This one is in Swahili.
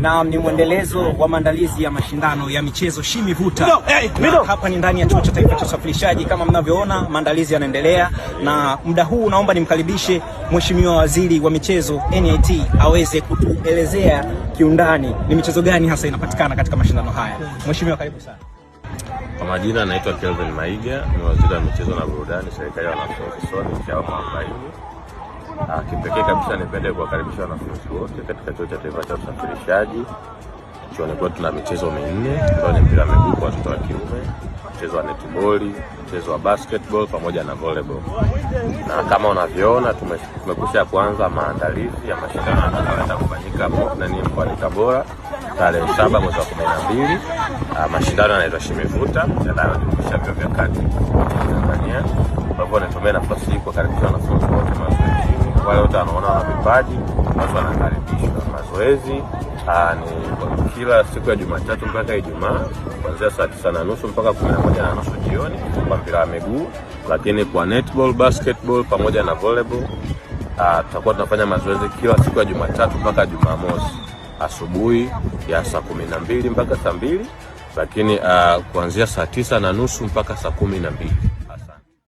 Naam, ni mwendelezo wa maandalizi ya mashindano ya michezo Shimi Vuta no, hey, Hapa ni ndani ya Chuo cha Taifa cha Usafirishaji. Kama mnavyoona, maandalizi yanaendelea, na muda huu naomba nimkaribishe Mheshimiwa Waziri wa Michezo NIT aweze kutuelezea kiundani ni michezo gani hasa inapatikana katika mashindano haya. Mheshimiwa, karibu sana. Kwa majina anaitwa Kelvin Maiga, ni waziri wa michezo na burudani, serikali ya wanafunzi, arobaini Ah, kipekee kabisa nipende kuwakaribisha wanafunzi wote katika chuo cha taifa cha usafirishaji. Chuoni kwetu tuna michezo minne ambayo ni mpira wa miguu kwa watoto wa kiume, mchezo wa netiboli, mchezo wa basketball pamoja na volleyball. Na kama unavyoona tumekwisha kuanza maandalizi ya mashindano yanayoenda kufanyika hapo na ni mkoani Tabora tarehe saba mwezi wa kumi na mbili. Ah, mashindano yanaitwa Shimivuta yanayojumuisha vyuo vya kati Tanzania. Kwa hivyo nitumie nafasi hii kuwakaribisha wanafunzi ambayo yote anaona na vipaji basi wanakaribishwa Mazoezi ah, ni kila siku ya Jumatatu mpaka Ijumaa kuanzia saa tisa na nusu mpaka kumi na moja na nusu jioni kwa mpira wa miguu, lakini kwa netball, basketball pamoja na volleyball ah, tutakuwa tunafanya mazoezi kila siku ya Jumatatu mpaka Jumamosi asubuhi ya saa kumi na mbili mpaka saa mbili lakini ah, kuanzia saa tisa na nusu mpaka saa kumi na mbili.